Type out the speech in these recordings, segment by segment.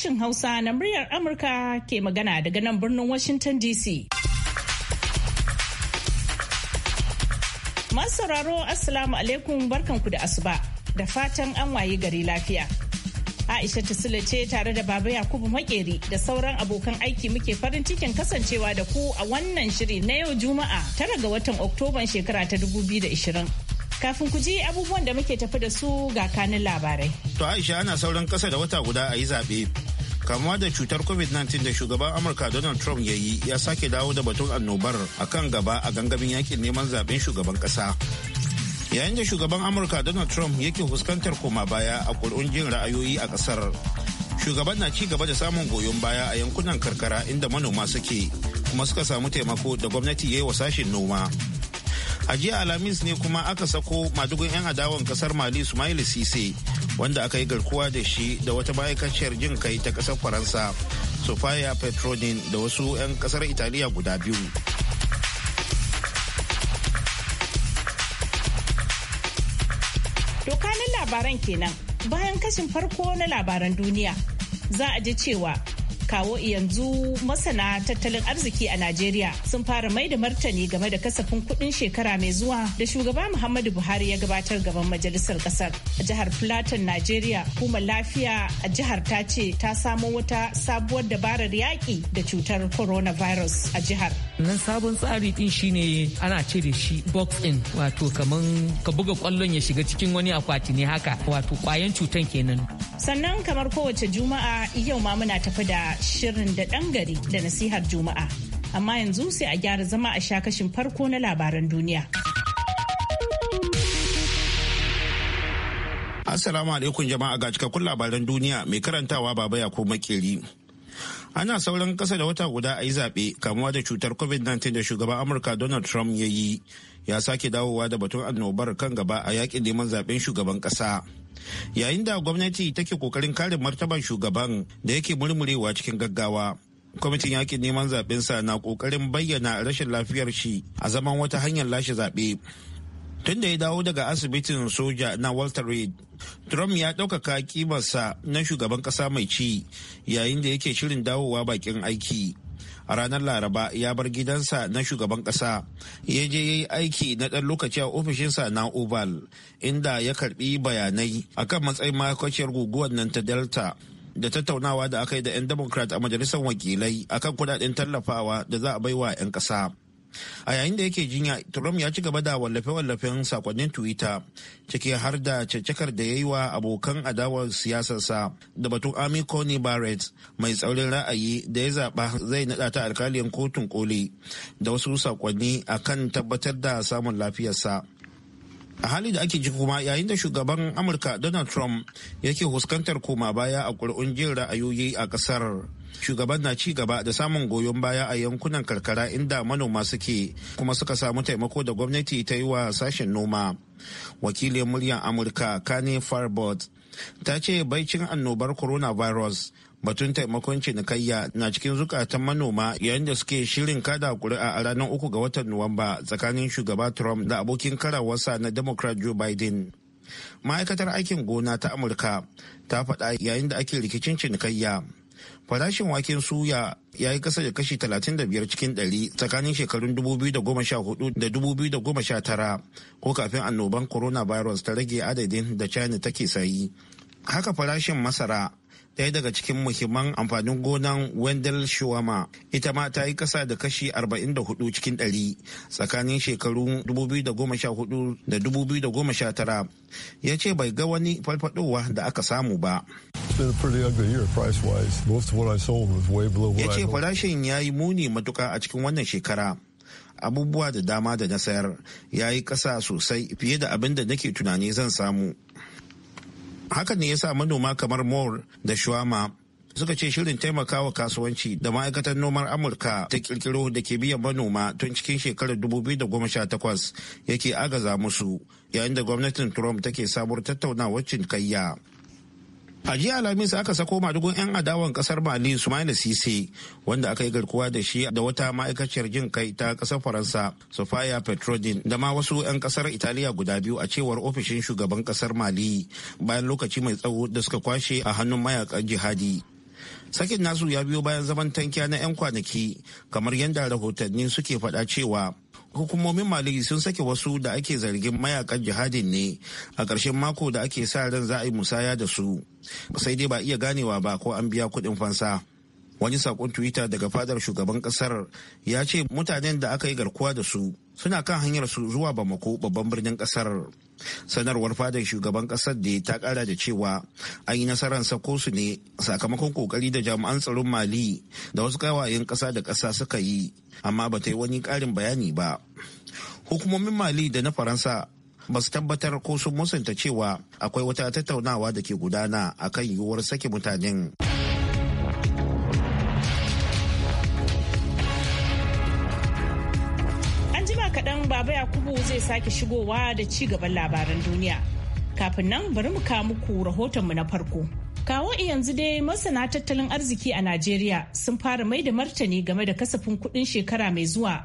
sashin Hausa na muryar Amurka ke magana daga nan birnin Washington DC. Masu sauraro Assalamu alaikum barkanku da asuba da fatan an wayi gari lafiya. Aisha Tasila ce tare da Baba Yakubu Makeri da sauran abokan aiki muke farin cikin kasancewa da ku a wannan shiri na yau Juma'a tara ga watan Oktoban shekara ta 2020. Kafin ku ji abubuwan da muke tafi da su ga kanin labarai. To Aisha ana sauran kasa da wata guda a yi zaɓe. kamuwa da cutar covid-19 da shugaban amurka donald trump ya yi ya sake dawo da batun annobar a kan gaba a gangamin yakin neman zaben shugaban kasa yayin da shugaban amurka donald trump yake fuskantar koma baya a kur'un jin ra'ayoyi a kasar shugaban na ci gaba da samun goyon baya a yankunan karkara inda manoma suke kuma suka samu taimako da gwamnati ya yi wa sashen noma a jiya alhamis ne kuma aka sako madugun 'yan adawan kasar mali sumaili sise wanda aka yi garkuwa da shi da wata ma'aikaciyar jin kai ta kasar faransa sofia petronin da wasu 'yan kasar italiya guda biyu dokanin labaran kenan bayan kashin farko na labaran duniya za a ji cewa kawo yanzu masana tattalin arziki a Najeriya sun fara mai da martani game da kasafin kuɗin shekara mai zuwa da shugaba Muhammadu Buhari ya gabatar gaban majalisar ƙasar. A jihar Plateau, Najeriya, kuma lafiya a jihar ta ce ta samo wata sabuwar dabarar yaƙi da cutar coronavirus a jihar. Nan sabon tsari ɗin shine ana ce da shi box in wato kaman ka buga kwallon ya shiga cikin wani akwati ne haka wato kwayan cutan kenan. Sannan kamar kowace juma'a yau ma muna tafi da shirin da ɗan gari da nasihar Juma'a. Amma yanzu sai a gyara zama a sha kashin farko na labaran duniya. Assalamu alaikum jama'a ga cikakkun labaran duniya mai karantawa baba ya ko makeri. ana sauran kasa da wata guda a yi zaɓe kamuwa da cutar covid-19 da shugaban amurka donald trump ya yi ya sake dawowa da batun annobar kan gaba a yakin neman zaɓen shugaban ƙasa yayin da gwamnati take kokarin kare martaban shugaban da yake murmurewa cikin gaggawa kwamitin yakin neman zaɓensa na kokarin bayyana rashin lafiyar shi a zaman wata hanyar lashe zaɓe tun da ya dawo daga asibitin soja na walter reed trump ya ɗaukaka kimarsa na shugaban ƙasa mai ci yayin da yake shirin dawowa bakin aiki a ranar laraba ya bar gidansa na shugaban ƙasa ya je ya yi aiki na ɗan lokaci a ofishinsa na oval inda ya karbi bayanai akan matsayin makwaciyar guguwar nan ta delta da tattaunawa da aka yi da 'yan democrat a majalisar wakilai akan kudaden tallafawa da za a baiwa 'yan ƙasa a yayin da yake jinya trump ya ci gaba da wallafe-wallafen sakonnin twitter ciki har da caccakar da ya yi wa abokan adawar siyasarsa da batun army coney barrett mai tsaurin ra'ayi da ya zaba zai naɗa ta alkaliyar kotun koli da wasu sakonni a kan tabbatar da samun lafiyarsa a hali da ake ji kuma yayin da shugaban amurka donald trump yake huskantar koma baya a ƙuri'un jin ra'ayoyi a ƙasar shugaban na ci gaba da samun goyon baya a yankunan karkara inda manoma suke kuma suka samu taimako da gwamnati ta yi wa sashen noma wakilin muryar amurka kane farbot ta ce baicin annobar coronavirus batun taimakon cinikayya na cikin zukatan manoma yayin da suke shirin kada kuri'a a ranar uku ga watan nuwamba tsakanin shugaba trump da abokin karawarsa na democrat joe biden ma'aikatar aikin gona ta amurka ta faɗa yayin da ake rikicin cinikayya farashin waken suya ya yi kasa da kashi 35 cikin 100 tsakanin shekarun 2014 da 2019 ko kafin annoban coronavirus ta rage adadin da china take sayi haka farashin masara ɗaya daga cikin muhimman amfanin gonan wendell shawama ita ma ta yi kasa da kashi 44 cikin 100 tsakanin shekaru 2014 da 2019 ya ce bai ga wani falfadowa da aka samu ba ya ce farashin ya yi muni matuka a cikin wannan shekara abubuwa da dama da na sayar ya yi kasa sosai fiye da abin da nake tunani zan samu hakan ne ya sa manoma kamar moore da shuwama suka ce shirin taimakawa kasuwanci da ma'aikatar noman amurka ta kirkiro da ke biyan manoma tun cikin shekarar 2018 yake agaza musu yayin da gwamnatin trump take sabuwar tattaunawar cinikayya a jiya alhamis aka sako madugun 'yan adawan kasar mali sumaila sise wanda aka yi garkuwa da shi da wata ma'aikaciyar jin kai ta kasar faransa sofia petrodin da ma wasu 'yan kasar italiya guda biyu a cewar ofishin shugaban kasar mali bayan lokaci mai tsawo da suka kwashe a hannun mayakan jihadi sakin nasu ya biyo bayan zaman tankiya na 'yan kwanaki kamar yadda rahotanni suke faɗa cewa hukumomin mali sun sake wasu da ake zargin mayakan jihadin ne a ƙarshen mako da ake sa ran za a yi musaya da su sai dai ba iya ganewa ba ko an biya kuɗin fansa wani sakon twitter daga fadar shugaban kasar ya ce mutanen da aka yi garkuwa da su suna kan hanyar su zuwa bamako babban birnin kasar sanarwar fadar shugaban kasar da ta kara da cewa an yi nasarar sako su ne sakamakon kokari da jami'an tsaron mali da wasu kawayen kasa da kasa suka yi amma ba ta yi wani karin bayani ba hukumomin mali da na faransa ba su tabbatar ko sun musanta cewa akwai wata tattaunawa da ke gudana akan yiwuwar sake mutanen. Baba Yakubu zai sake shigowa da ci gaban labaran duniya. Kafin nan bari mu kawo muku mu na farko. Kawo yanzu dai masana tattalin arziki a Najeriya sun fara mai da martani game da kasafin kuɗin shekara mai zuwa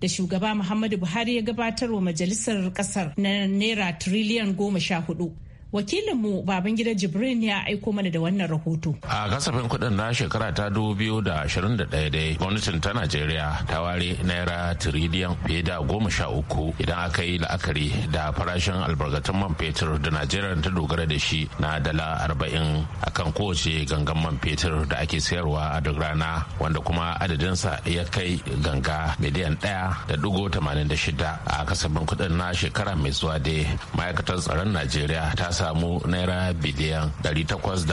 da shugaba Muhammadu Buhari ya gabatar wa majalisar kasar na naira tiriliyan goma sha hudu wakilin wakilinmu babangida jibrin ya aiko mana da wannan rahoto a kasafin kuɗin na shekara ta ɗaya dai gwamnatin ta najeriya ta ware naira tiriliyan fiye da goma sha uku idan aka yi la'akari da farashin albarkatun man fetur da najeriya ta dogara da shi na dala arba'in akan kowace gangan man fetur da ake sayarwa a duk rana wanda kuma adadinsa ya kai ganga miliyan ɗaya da dugo tamanin da shida a kasafin kuɗin na shekara mai zuwa dai ma'aikatar tsaron najeriya ta samu naira biliyan 840.56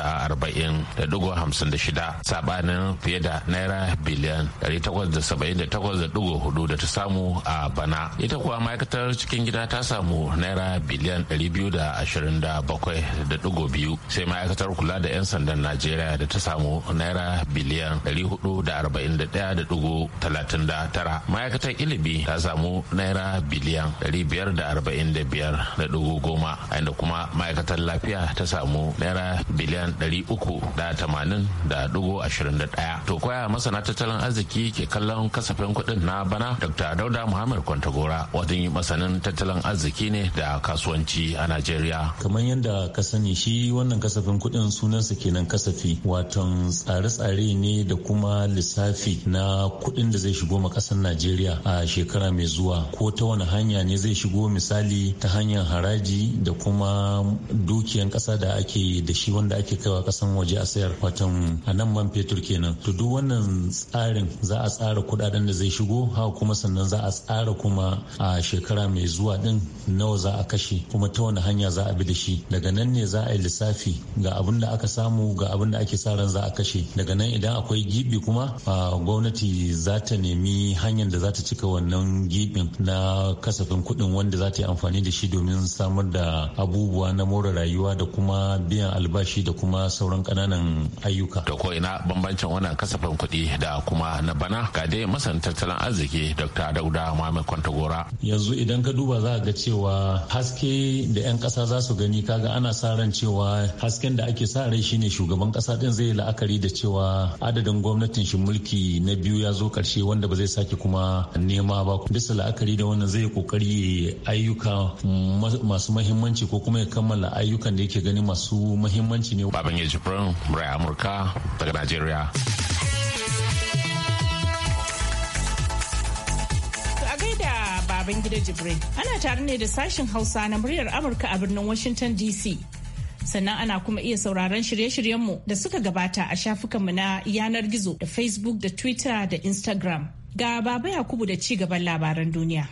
sabanin fiye da naira biliyan 878.4 da ta samu a bana ita kuwa ma'aikatar cikin gida ta samu naira biliyan 227.2 sai ma'aikatar kula da 'yan sandan najeriya da ta samu naira biliyan 441.39 ma'aikatar ilimi ta samu naira biliyan 545.10 a inda kuma ma'aikatar ma'aikatar lafiya ta samu naira biliyan ɗari ɗaya. to kwaya masana tattalin arziki ke kallon kasafin kuɗin na bana dr dauda muhammad kwantagora yi masanin tattalin arziki ne da kasuwanci a najeriya kamar yadda ka sani shi wannan kasafin kuɗin sunansa kenan kasafi watan tsare-tsare ne da kuma lissafi na kuɗin da zai shigo ma ƙasar najeriya a shekara mai zuwa ko ta wani hanya ne zai shigo misali ta hanyar haraji da kuma dukiyan kasa da ake da shi wanda ake kaiwa kasan waje a sayar fatan a nan man fetur kenan to duk wannan tsarin za a tsara kudaden da zai shigo ha kuma sannan za a tsara kuma a shekara mai zuwa din nawa za a kashe kuma ta wani hanya za a bi da shi daga nan ne za a yi lissafi ga abin da aka samu ga abin da ake sa ran za a kashe daga nan idan akwai gibi kuma gwamnati za ta nemi hanyar da za ta cika wannan gibin na kasafin kuɗin wanda za ta yi amfani da shi domin samar da abubuwa na more rayuwa da kuma biyan albashi da kuma sauran kananan ayyuka. Da ko ina bambancin wannan kasafin kuɗi da kuma na bana ga dai masan tattalin arziki Dr. Dauda Muhammad Kwantagora. Yanzu idan ka duba za ga cewa haske da 'yan ƙasa za su gani kaga ana sa ran cewa hasken da ake sa rai shine shugaban ƙasa din zai la'akari da cewa adadin gwamnatin shi mulki na biyu ya zo ƙarshe wanda ba zai sake kuma nema ba. Bisa la'akari da wannan zai kokari ayyuka masu mahimmanci ko kuma ya kammala kammala ayyukan da yake gani masu muhimmanci ne. Baban ya jibrin murai Amurka daga Najeriya. A gaida Babangida gida ana tare ne da sashen Hausa na muryar Amurka a birnin Washington DC. sannan ana kuma iya sauraron shirye-shiryenmu da suka gabata a shafukanmu na yanar gizo da facebook da twitter da instagram ga baba yakubu da ci gaban labaran duniya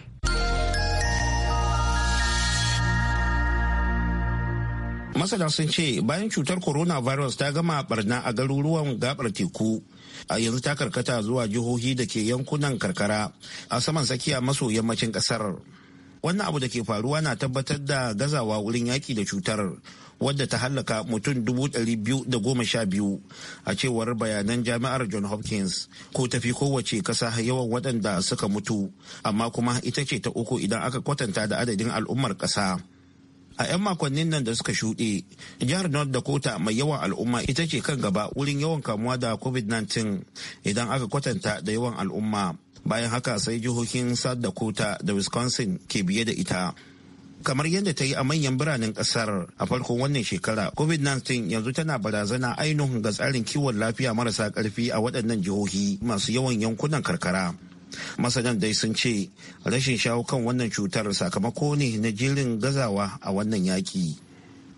masana sun ce bayan cutar corona virus ta gama barna a garuruwan gabar teku a yanzu ta karkata zuwa jihohi da ke yankunan karkara a saman tsakiya maso yammacin kasar wannan abu da ke faruwa na tabbatar da gazawa wurin yaki da cutar wadda ta hallaka mutum dubu biyu da goma sha biyu a cewar bayanan jami'ar john hopkins ko tafi kowace kasa yawan waɗanda suka mutu amma kuma ita ce ta uku idan aka kwatanta da adadin al'ummar ƙasa. a 'yan makonnin nan da suka shuɗe jihar north dakota mai yawan al'umma ita ce kan gaba wurin yawan kamuwa da covid-19 idan aka kwatanta da yawan al'umma bayan haka sai jihohin south dakota da wisconsin ke biye da ita kamar yadda ta yi a manyan biranen kasar a farkon wannan shekara covid-19 yanzu tana barazana ainihin ga tsarin kiwon lafiya marasa karfi a waɗannan jihohi masu yawan yankunan karkara masanan dai sun ce rashin shawo kan wannan cutar sakamako ne na jirin gazawa a wannan yaki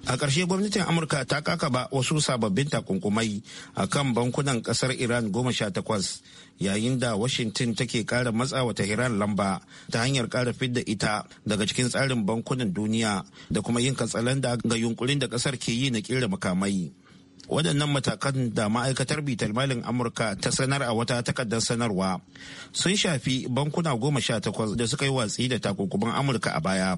a ƙarshe gwamnatin amurka ta ba wasu sababbin takunkumai a kan bankunan ƙasar iran goma sha takwas yayin da washington take ƙara matsawa iran lamba ta hanyar ƙara fidda ita daga cikin tsarin bankunan duniya da kuma yin katsalanda ga yunkurin da ƙasar ke yi na ƙera makamai waɗannan matakan da ma'aikatar bitar malin amurka ta sanar a wata takardar sanarwa sun shafi bankuna goma sha takwas da suka yi watsi da takunkuman amurka a baya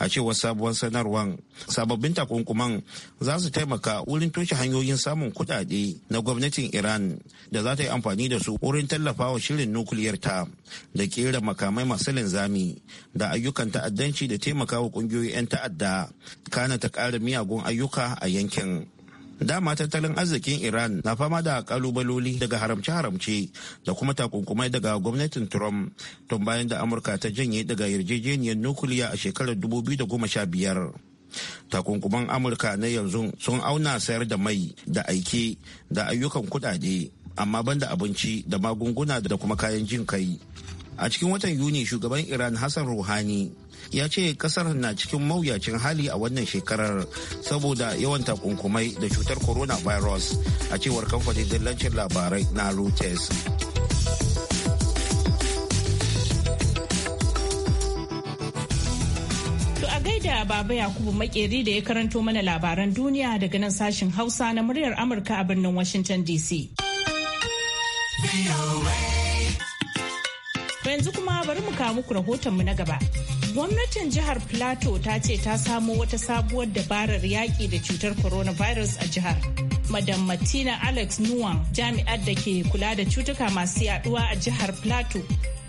a cewar sabuwar sanarwar sababbin takunkuman za su taimaka wurin toshe hanyoyin samun kudade na gwamnatin iran da za ta yi amfani da su wurin tallafawa shirin nukiliyar ta da kera makamai masu linzami da ayyukan ta'addanci da taimakawa kungiyoyin 'yan ta'adda kana ta kara miyagun ayyuka a yankin dama tattalin arzikin iran na fama da kalubaloli daga haramce-haramce da kuma takunkumai daga gwamnatin trump tun bayan da amurka ta janye daga yarjejeniyar nukuliya a shekarar 2015 takunkuman amurka na yanzu sun auna sayar da mai da aike da ayyukan kudade amma banda abinci da magunguna da kuma kayan jin kai a cikin watan yuni shugaban iran hassan ruhani ya ce kasar na cikin mawuyacin hali a wannan shekarar saboda yawan takunkumai da cutar corona virus a cewar kamfanin dillancin labarai na reuters gaida baba yakubu makeri da ya karanto mana labaran duniya daga nan sashen hausa na muryar amurka a birnin washington dc yanzu kuma bari mu kawo muku mu na gaba Gwamnatin jihar Plateau ta ce ta samo wata sabuwar dabarar yaƙi da cutar coronavirus a jihar. Madam Martina Alex Nuwa jami'ar da ke kula da cutuka masu yaduwa a jihar Plateau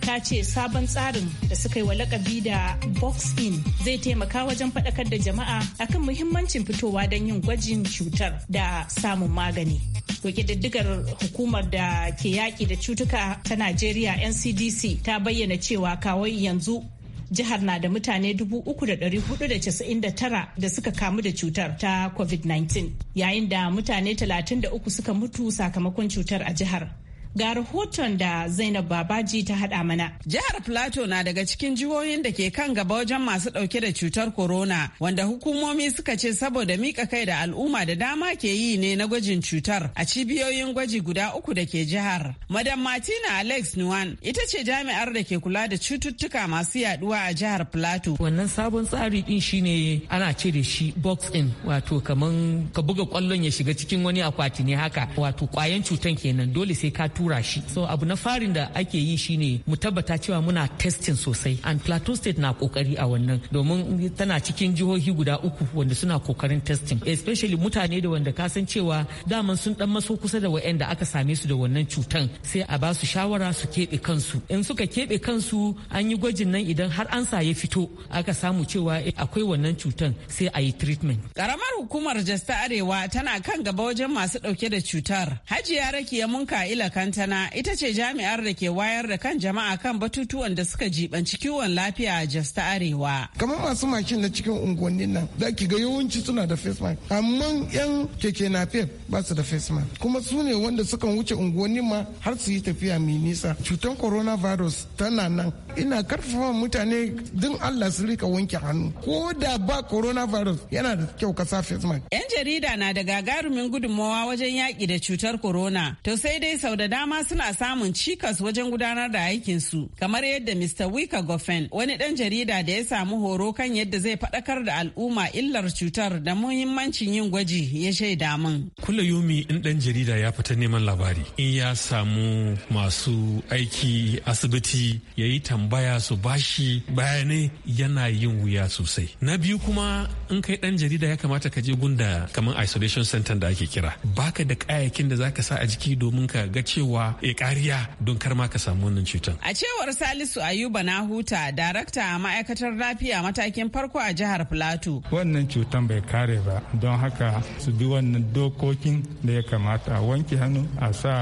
ta ce sabon tsarin da suka yi wa lakabi da box in zai taimaka wajen faɗakar da jama'a akan muhimmancin fitowa don yin gwajin cutar da samun magani. To diddigar hukumar da ke yaƙi da cutuka ta Najeriya NCDC ta bayyana cewa kawai yanzu jihar na da mutane 3,499 da suka kamu da cutar ta covid-19 yayin da mutane 33 suka mutu sakamakon cutar a jihar Ga rahoton da Zainab Babaji ta haɗa mana. Jihar Plateau na daga cikin jihohin da ke kan gaba wajen masu ɗauke da cutar corona wanda hukumomi suka ce saboda mika kai da al'umma da dama ke yi ne na gwajin cutar a cibiyoyin gwaji guda uku da ke jihar. Madam Martina Alex Nuan ita ce jami'ar da ke kula da cututtuka masu yaduwa a jihar Plateau. Wannan sabon tsari din shi ne ana ce da shi box in wato kaman ka buga kwallon ya shiga cikin wani akwati ne haka wato kwayan cutan kenan dole sai ka tura shi so abu na farin da ake yi shine mu tabbata cewa muna testing sosai and plateau state na kokari a wannan domin tana cikin jihohi guda uku wanda suna kokarin testing especially mutane da wanda ka san cewa daman sun dan maso kusa da wa'anda aka same su da wannan cutan sai a ba su shawara su keɓe kansu in suka keɓe kansu an yi gwajin nan idan har an sa ya fito aka samu cewa eh, akwai wannan cutan sai a yi treatment karamar hukumar jasta arewa tana kan gaba wajen masu ɗauke da cutar hajiya rakiya mun ila kan Lantana ita ce jami'ar da ke wayar da kan jama'a kan batutuwan da suka jibanci kiwon lafiya a Jos ta Arewa. Kamar masu makin na cikin unguwannin nan da ki ga yawanci suna da face mask amma yan keke na ba su da face mask kuma su ne wanda suka wuce unguwanni ma har su yi tafiya mai nisa. Cutar coronavirus tana nan ina karfafa mutane din Allah su rika wanke hannu ko da ba coronavirus yana da kyau ka sa face mask. Yan jarida na da gagarumin gudummawa wajen yaki da cutar corona to sai dai sau da dama suna samun cikas wajen gudanar da aikinsu kamar yadda Mr. Wika Goffin wani ɗan jarida da ya samu horo kan yadda zai faɗakar da al'umma illar cutar da muhimmancin yin gwaji ya shaida min. Kula yumi in ɗan jarida ya fita neman labari in ya samu masu aiki asibiti ya yi tambaya su bashi bayanai yana yin wuya sosai. Na biyu kuma in kai ɗan jarida ya kamata ka je gunda kamar isolation center da ake kira. Baka da kayayyakin da zaka sa a jiki domin ka ga cewa cewa e kariya don kar ma ka samu wannan cutar. A cewar Salisu Ayuba na huta darakta a ma'aikatar lafiya matakin farko a jihar Filato. Wannan cutar bai kare ba don haka su bi wannan dokokin da ya kamata a wanke hannu a sa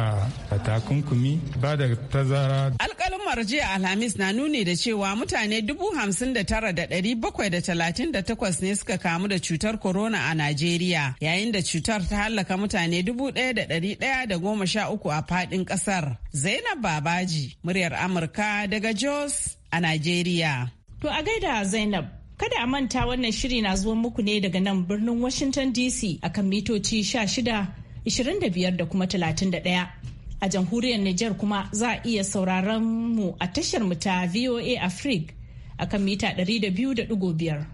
takunkumi ba da tazara. Alƙalin jiya Alhamis na nuni da cewa mutane dubu hamsin da tara da ɗari bakwai da talatin da takwas ne suka kamu da cutar corona a Najeriya yayin da cutar ta hallaka mutane dubu ɗaya da ɗari ɗaya da goma sha uku a faɗin ɗin kasar Zainab Babaji, muryar Amurka daga Jos a Najeriya. To a gaida Zainab, kada a manta wannan shiri na zuwan muku ne daga nan birnin Washington DC akan mitoci 16, da kuma 31. A jamhuriyar Nijar kuma za a iya sauraron mu a tashar mu ta VOA Africa akan mita 200.5.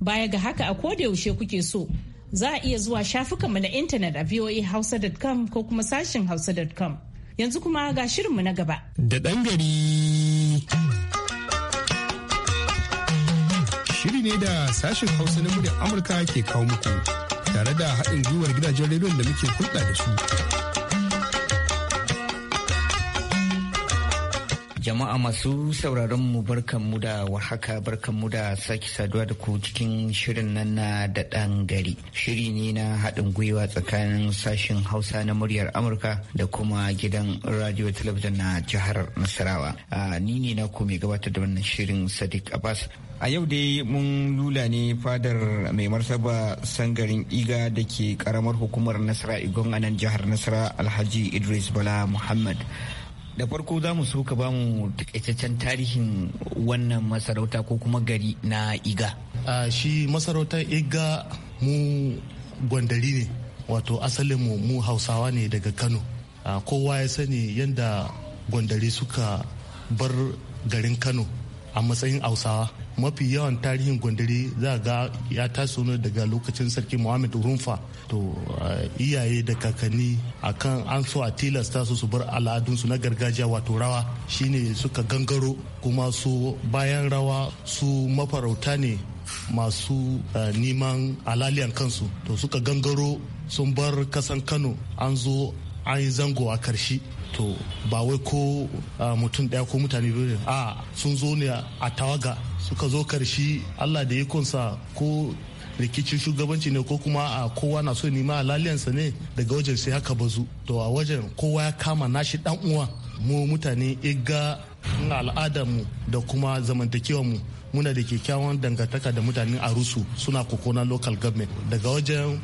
Baya ga haka a yaushe kuke so za a iya zuwa shafukanmu na intanet a voa voahausa.com ko kuma sashin hausa.com. Yanzu kuma ga shirinmu na gaba. Da ɗan gari. Shiri ne da sashen Hausa na muryar Amurka ke kawo muku tare da haɗin gwiwar gidajen rediyon da muke hulɗa da su. Jama'a masu sauraron mu mu da warhaka barkan mu da sake saduwa da ku cikin shirin nan na da ɗan gari. Shiri ne na haɗin gwiwa tsakanin sashen Hausa na muryar Amurka da kuma gidan radio talabijin na jihar Nasarawa. Ni ne na ku mai gabatar da wannan shirin Sadiq Abbas. A yau dai mun lula ne fadar mai martaba sangarin iga da ke karamar hukumar Nasara Igon a nan jihar Nasara Alhaji Idris Bala Muhammad. da farko za mu so ka ba mu takaitaccen tarihin wannan masarauta ko kuma gari na iga a shi masarautar iga mu gwandari ne wato asalin mu mu hausawa ne daga kano kowa ya sani yadda gwandari suka bar garin kano a matsayin Hausawa mafi yawan tarihin gwandare za ga ya taso ne daga lokacin sarki muhammad rumfa to eh, iyaye da kakanni akan an so a tilasta su su bar al'adunsu na gargajiya wato rawa shine suka gangaro kuma su bayan rawa su mafarauta ne masu eh, neman alaliyan kansu to suka gangaro sun bar kasan kano an zo an yi zango a karshe to ba wai ko ah, mutum daya ko mutane biyu a ah, sun zo ne a tawaga suka zo karshi allah da ikonsa ko rikicin shugabanci ne ko kuma a ah, kowa na so nima laliyansa ne daga wajen sai haka bazu to a wajen kowa ya kama nashi dan uwa mu mutane iga mu da kuma mu muna da kyakkyawan dangantaka da mutanen arusu suna kokona local government daga wajen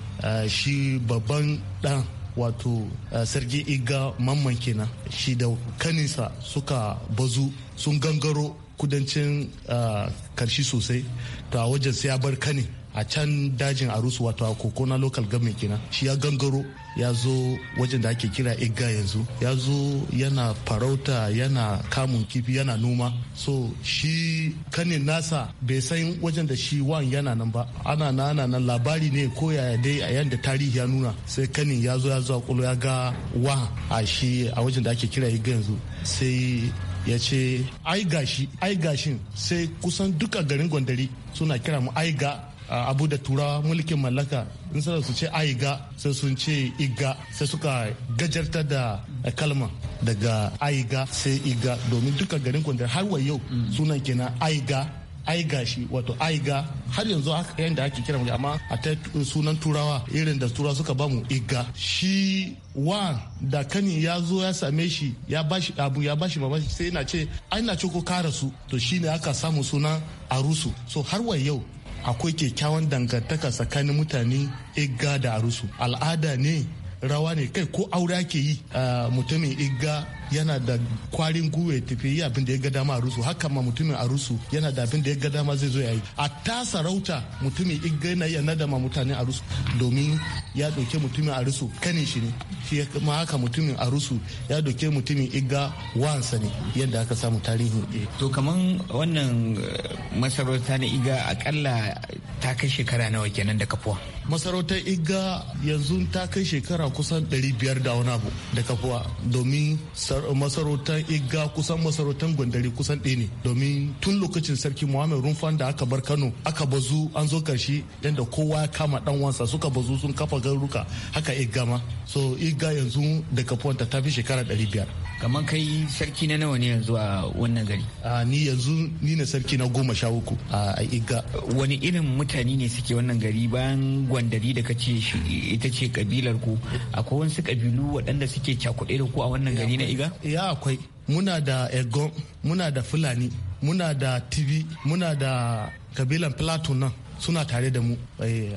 shi babban dan wato eh, sarki iga mamman kenan shi da kaninsa suka bazu sun gangaro kudancin ah, karshi sosai to a wajen sai ya bar kane a can dajin arusu wato a na local government kina shi ya gangaro ya zo wajen da ake kira igga yanzu ya zo yana farauta yana kamun kifi yana noma so shi kanin nasa bai san wajen da shi wan yana nan ba ana na nan labari ne ko yaya dai a yanda tarihi ya nuna sai kanin ya zo ya zo a kulo ya ga wa a shi a wajen da ake kira igga yanzu sai ya ce ai gashi ai gashin sai kusan duka garin gwandari suna kira mu aiga abu da tura mulkin mallaka in su ce aiga sai sun ce iga sai suka gajarta da kalma daga aiga sai iga domin duka garin gwandari har wa yau mm. sunan kenan aiga aiga shi wato aiga har yanzu haka yadda ake kiran amma a ta sunan turawa irin da turawa suka bamu iga shi wa da kani ya zo ya same shi ya bashi abu ya bashi shi sai yana ce ai na ce ko kara su to shine aka samu sunan arusu so har wa yau akwai kyakkyawan dangantaka tsakanin mutane iga da arusu al'ada ne rawa ne kai ko aure ake yi ah, mutumin iga. yana da kwarin gwiwa tafi yi abin da ya ga dama a rusu haka ma mutumin a rusu yana da abin da ya ga dama zai zo ya yi a ta sarauta mutumin igana ya da ma mutane a rusu domin ya doke mutumin a rusu kanin shi ne shi ma haka mutumin a rusu ya doke mutumin iga wansa ne yadda aka samu tarihi eh. to kamar wannan eh, masarauta na iga akalla ta kai shekara nawa kenan da kafuwa masarautar igga yanzu ta kai shekara kusan 500 da wani abu da kafuwa domin masarautar igga kusan masarautar gwandari kusan ɗaya ne domin tun lokacin sarki muhammed rumfan da aka bar kano aka bazu an zo karshe yadda kowa ya kama dan wansa suka bazu sun kafa garuruka haka igga ma so igga yanzu da kafuwan ta tafi shekara 500 kamar kai sarki na nawa ne yanzu a wannan gari a ni yanzu ni ne sarki na goma sha uku a igga wani irin mutane ne suke wannan gari bayan gwandari da ce ita ce kabilar ku akwai wasu kabilu waɗanda suke cakuɗe da ku a wannan gari na iga ya akwai muna da egon muna da fulani muna da tibi muna da kabilan plateau nan suna tare da mu eh,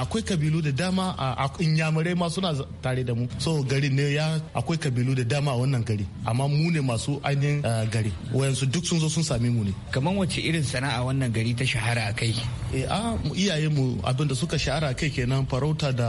akwai kabilu da dama a inyamurai ma suna tare da mu so gari ne ya akwai kabilu da dama a wannan gari amma mu ne masu ainihin eh, gari wayansu duk sun zo sun sami mu ne kamar wacce irin sana'a wannan gari ta shahara a kai iyaye eh, mu abinda suka shahara kai kenan farauta da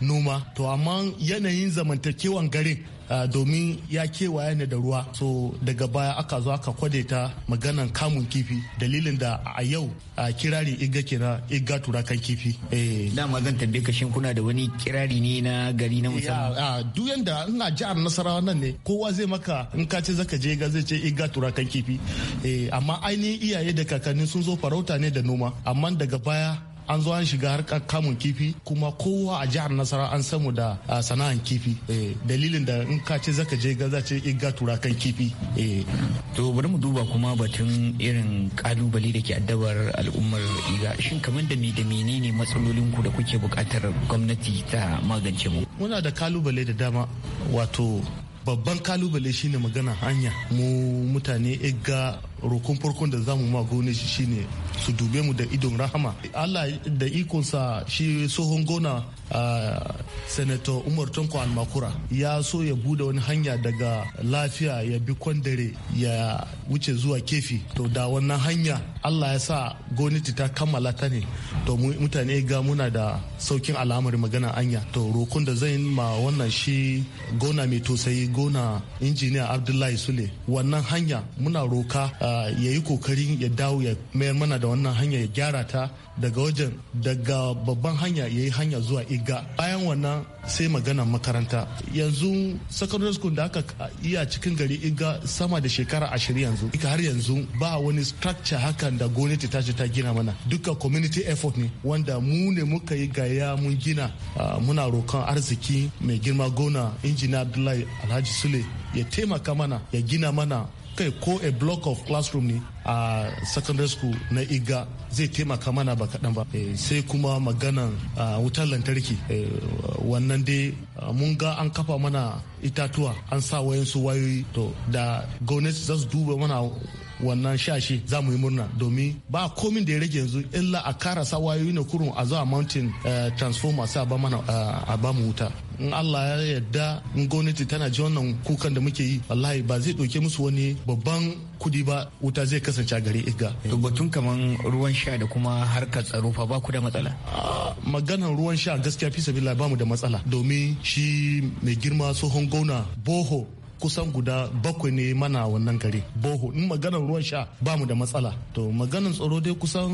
noma to amma yanayin zamantakewan garin Ah, domin ya kewaye ne da ruwa so daga baya aka zo aka kwade ta maganan kamun kifi dalilin da a yau a ah, kirari iga kira iga turakan kifi eh. da magan tambaye ka kuna da wani kirari ne na gari na musamman ah, duk yanda ina jihar nasarawa nan ne kowa zai maka in ka ce zaka je ga zai ce iga turakan kifi eh, amma ainihin iyaye da kakanni sun zo farauta ne da noma amma daga baya an zo an shiga harkar kamun kifi kuma kowa a jihar nasara an samu da sana'an kifi eh, dalilin da in ka ce zaka je gaza ce iga tura kan kifi eh. to bari mu duba kuma batun irin kalubale da ke addabar al'ummar iga shin kamar da me da menene matsalolin ku da kuke bukatar gwamnati ta magance mu muna da kalubale da dama wato babban kalubale shine magana hanya mu mutane iga rokon farkon da zamu ma shi shine su dube mu da idon rahama allah da ikonsa shi tsohon gona senator umar tonko almakura ya so ya bude wani hanya daga lafiya ya bi kwandare ya wuce zuwa kefi to da wannan hanya allah ya sa gwamnati ta kammala ta ne to mutane ga muna da saukin al'amari magana anya to rokon da zan ma wannan shi gona mai tosai gona injiniya abdullahi sule wannan hanya muna roka ya yi kokari ya dawo ya mayar mana da wannan hanya ya gyara ta daga wajen daga babban hanya ya yi hanya zuwa iga bayan wannan sai magana makaranta yanzu secondary school da aka iya cikin gari iga sama da shekara ashirin yanzu ika har yanzu ba wani structure hakan da gwamnati ta ce ta gina mana duka community effort ne wanda mu ne muka yi gaya mun gina muna rokan arziki mai girma gona injiniya abdullahi alhaji sule ya taimaka mana ya gina mana kai ko a block of classroom ne a secondary school na iga zai taimaka mana ba kaɗan ba eh, sai kuma maganan wutar lantarki eh, wannan dai mun ga an kafa mana itatuwa an sa wayansu wayoyi to da gwamnati za su duba mana wannan shashi za mu yi murna domin ba komin da ya rage yanzu illa a karasa wayoyi na kurun a zuwa mountain eh, transformer sai a ba a ba mu wuta in Allah ya yarda in gwamnati tana ji wannan kukan da muke yi wallahi ba zai ɗauke musu wani babban kudi ba wuta zai kasance a gari iga. To batun kaman ruwan sha da kuma harkar tsaro fa ba ku da matsala. Maganar ruwan sha gaskiya fi sabila ba mu da matsala domin shi mai girma tsohon gona boho kusan guda bakwai ne mana wannan kare boho in maganar ruwan sha ba mu da matsala to maganar tsaro dai kusan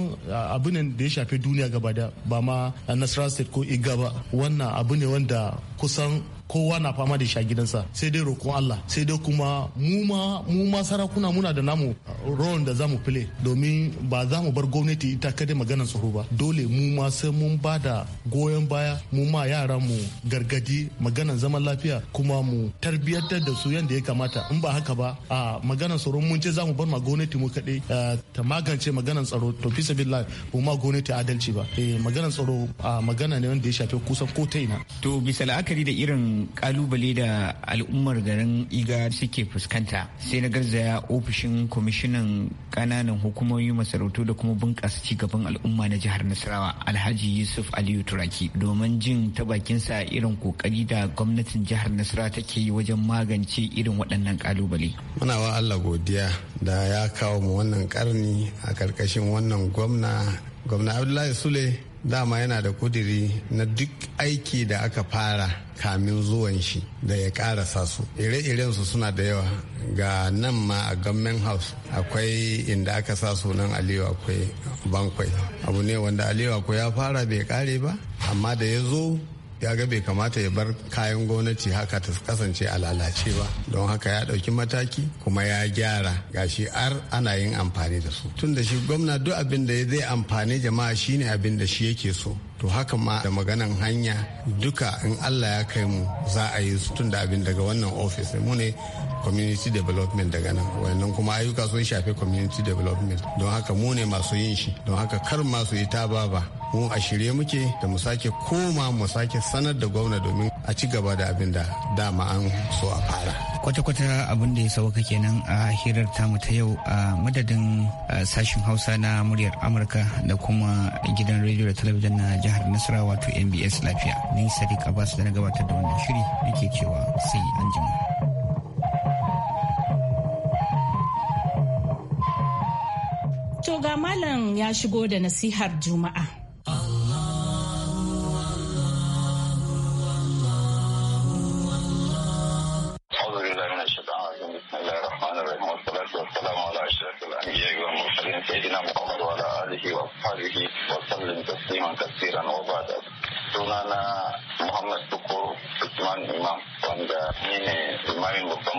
abu ne da ya shafi duniya gaba da ba ma nasarar state ko iga ba wannan abu ne wanda kusan kowa na fama da shi a gidansa sai dai roƙon Allah sai dai kuma mu ma sarakuna muna da namu uh, rawan da zamu file domin ba za mu bar gwamnati ita kada magana tsaro ba dole mu ma sai mun ba da goyon baya mu ma yara mu gargadi magana zaman lafiya kuma mu tarbiyyantar da su yanda ya kamata in ba haka ba a magana tsaro mun ce zamu bar ma gwamnati mu kaɗai uh, ta magance magana tsaro to fi sabillah mu ma gwamnati adalci ba eh, maganar tsaro a magana ne wanda ya shafi kusan ko ta ina to bisa la'akari da irin kalubale da al'ummar garin iga suke fuskanta sai na garzaya ofishin kwamishinan kananan hukumomi masarautu da kuma bunƙasa cigaban al'umma na jihar nasarawa alhaji yusuf aliyu turaki domin jin ta bakinsa irin kokari da gwamnatin jihar nasarawa take yi wajen magance irin waɗannan kalubale muna wa allah godiya da ya kawo mu wannan karni a karkashin wannan gwamna gwamna abdullahi sule dama yana da kudiri na duk aiki da aka fara kamin zuwan shi da ya karasa su ire-iren su suna da yawa ga nan ma a government house akwai inda aka sa sunan aliyu akwai bankwai abu ne wanda aliyu akwai ya fara bai kare ba amma da ya zo ya ga bai kamata ya bar kayan gwamnati haka ta kasance a lalace ba don haka ya ɗauki mataki kuma ya gyara gashi ar ana yin amfani da su tun da shi gwamna duk abin da zai amfani jama'a shine abin da shi yake so to haka ma da maganan hanya duka in allah ya kai mu za a yi su tun da abin daga wannan ofis mu ne community development daga nan wannan kuma ayyuka sun shafi community development don haka mu ne masu yin shi don haka kar masu yi ta ba mu a shirye muke da mu sake koma mu sake sanar da gwamna domin a ci gaba da abin da dama an so a fara kwata-kwata abin da ya sauka kenan a hirar tamu ta yau a madadin sashen hausa na muryar amurka da kuma gidan rediyo da talabijin na jihar nasarawa wato mbs lafiya ni sadiq abbas da na gabatar da wannan shiri yake cewa sai an jima To ga malam ya shigo da nasihar Juma'a.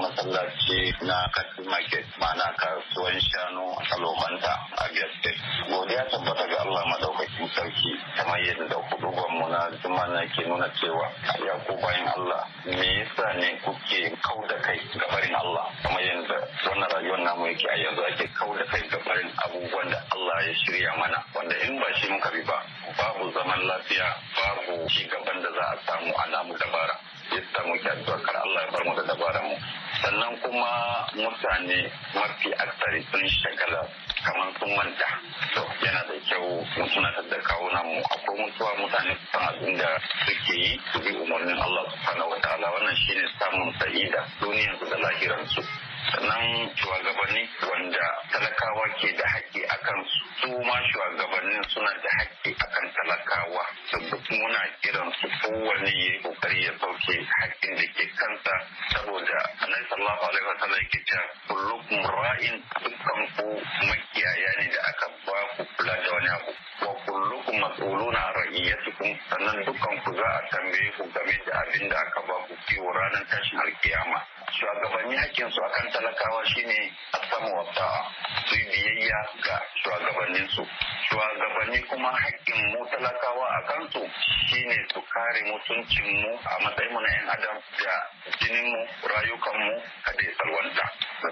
masallaci na Kashi Market ma'ana kasuwan shanu a Salomanta a Gaske. Godiya tabbata ga Allah madaukakin sarki kamar yadda hudu mu na zuma na ke nuna cewa ya ku bayan Allah me yasa ne kuke kau da kai gabarin Allah kamar yadda wannan rayuwar namu yake a yanzu ake kau da kai gabarin abubuwan da Allah ya shirya mana wanda in ba shi muka bi ba babu zaman lafiya babu ci gaban da za a samu a namu dabara. ya samu kyatuwa kar Allah ya bar da dabaran mu sannan kuma mutane mafi aksari sun shagala kamar sun manta to yana da kyau mu tunatar da na mu akwai mutuwa mutane su san abin da suke yi su bi umarnin Allah subhanahu wa ta'ala wannan shine samun sa'ida duniyar su da lahiran su sannan shugabanni wanda talakawa ke da haƙƙi akan su ma shugabannin suna da haƙƙi akan talakawa saboda muna kiran su kowane ya yi kokari ya sauke haƙƙin da ke kansa saboda annabi sallallahu alaihi wasallam yake cewa kullukum ra'in dukkan ku makiyaya ne da aka ba ku kula da wani abu wa kullukum mas'uluna ra'iyatukum sannan dukkan ku za a tambaye ku game da abin da aka ba ku kiwo ranar tashin alkiyama shugabanni haƙƙin su akan talakawa shine a samu wata su yi biyayya ga shugabanninsu shugabanni kuma haƙƙin mu talakawa a kansu shine su kare mutuncin mu a matsayin mu na 'yan adam da jinin mu rayukan mu a salwanta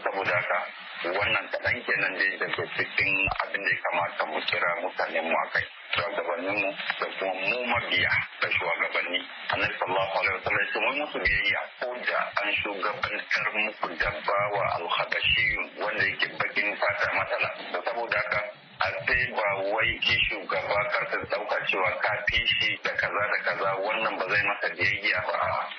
saboda haka wannan kaɗan kenan dai daga cikin abin da ya kamata mu kira mutane mu akai shugabannin mu da kuma mu mabiya da shugabanni annabi sallallahu alaihi wasallam ya mun musu biyayya ko da an shugabantar muku da bawa alhabashi wanda yake bakin fata matsala saboda haka a sai ba wai ki shugaba karka dauka cewa ka fi shi da kaza da kaza wannan ba zai masa biyayya ba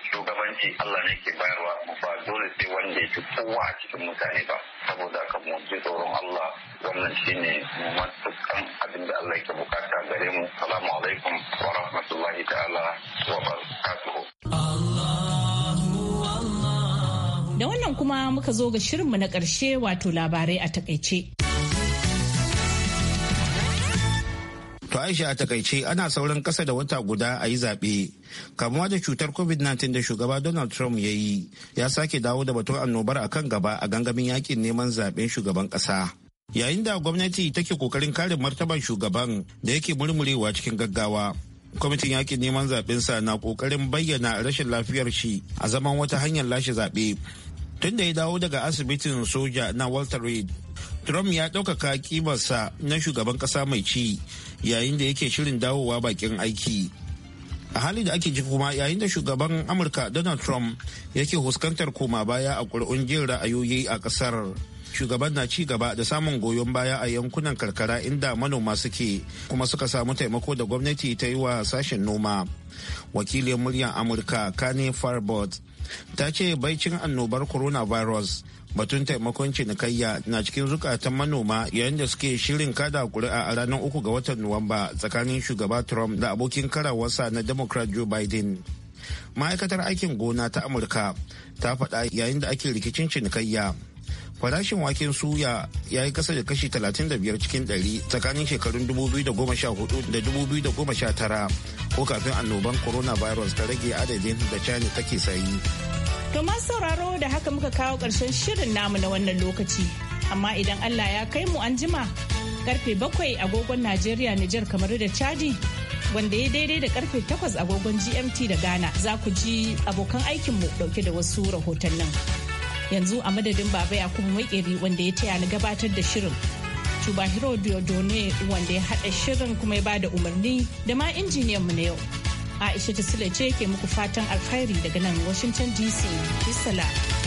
shugabanci Allah ne ke bayarwa ba dole sai wanda ya fi kowa a cikin mutane ba saboda ka mu tsoron Allah wannan ne matukan abin da Allah yake bukata gare mu Salamu alaikum wa rahmatullahi ta'ala wa barakatuhu Da wannan kuma muka zo ga shirin mu na ƙarshe wato labarai a takaice. To Aisha a takaice ana sauran kasa da wata guda a yi zaɓe. Kamuwa da cutar COVID-19 da shugaba Donald Trump ya yi ya sake dawo da batun annobar a kan gaba a gangamin yakin neman zaɓen shugaban ƙasa. Yayin da gwamnati take kokarin kare martaban shugaban da yake murmurewa cikin gaggawa. Kwamitin yakin neman zaɓen sa na kokarin bayyana rashin lafiyar shi a zaman wata hanyar lashe zaɓe. Tun da ya dawo daga asibitin soja na Walter Reed, Trump ya ɗaukaka kimarsa na shugaban ƙasa mai ci yayin da yake shirin dawowa bakin aiki. A hali da ake ji kuma yayin da shugaban Amurka Donald Trump yake huskantar koma baya a ƙuri'un jin ra'ayoyi a ƙasar. Shugaban na ci gaba da samun goyon baya a yankunan karkara inda manoma suke kuma suka samu taimako da gwamnati ta yi wa sashen noma. Wakilin muryar Amurka Kani Farbot ta ce baicin annobar coronavirus batun taimakon cinikayya na cikin zukatan manoma yayin da suke shirin kada kuri'a a ranar uku ga watan nuwamba tsakanin shugaba trump da abokin karawarsa na democrat joe biden ma'aikatar aikin gona ta amurka ta faɗa yayin da ake rikicin cinikayya farashin waken suya ya yi kasa da kashi 35 cikin 100 tsakanin shekarun 2014 da 2019 ko kafin annoban coronavirus ta rage adadin da china take sayi To masu sauraro da haka muka kawo ƙarshen shirin namu na wannan lokaci. Amma idan Allah ya kai mu an jima karfe bakwai agogon Najeriya Nijar kamar da Chadi wanda ya daidai da karfe takwas agogon GMT da Ghana za ku ji abokan aikinmu dauke da wasu rahoton nan. Yanzu a madadin Baba Yakubu Maƙeri wanda ya taya ni gabatar da shirin. Tubahiro Diodone wanda ya haɗa shirin kuma ya ba da umarni da ma injiniyanmu na yau. Aisha Sule ce ke muku fatan alkhairi daga nan Washington DC. Bisala.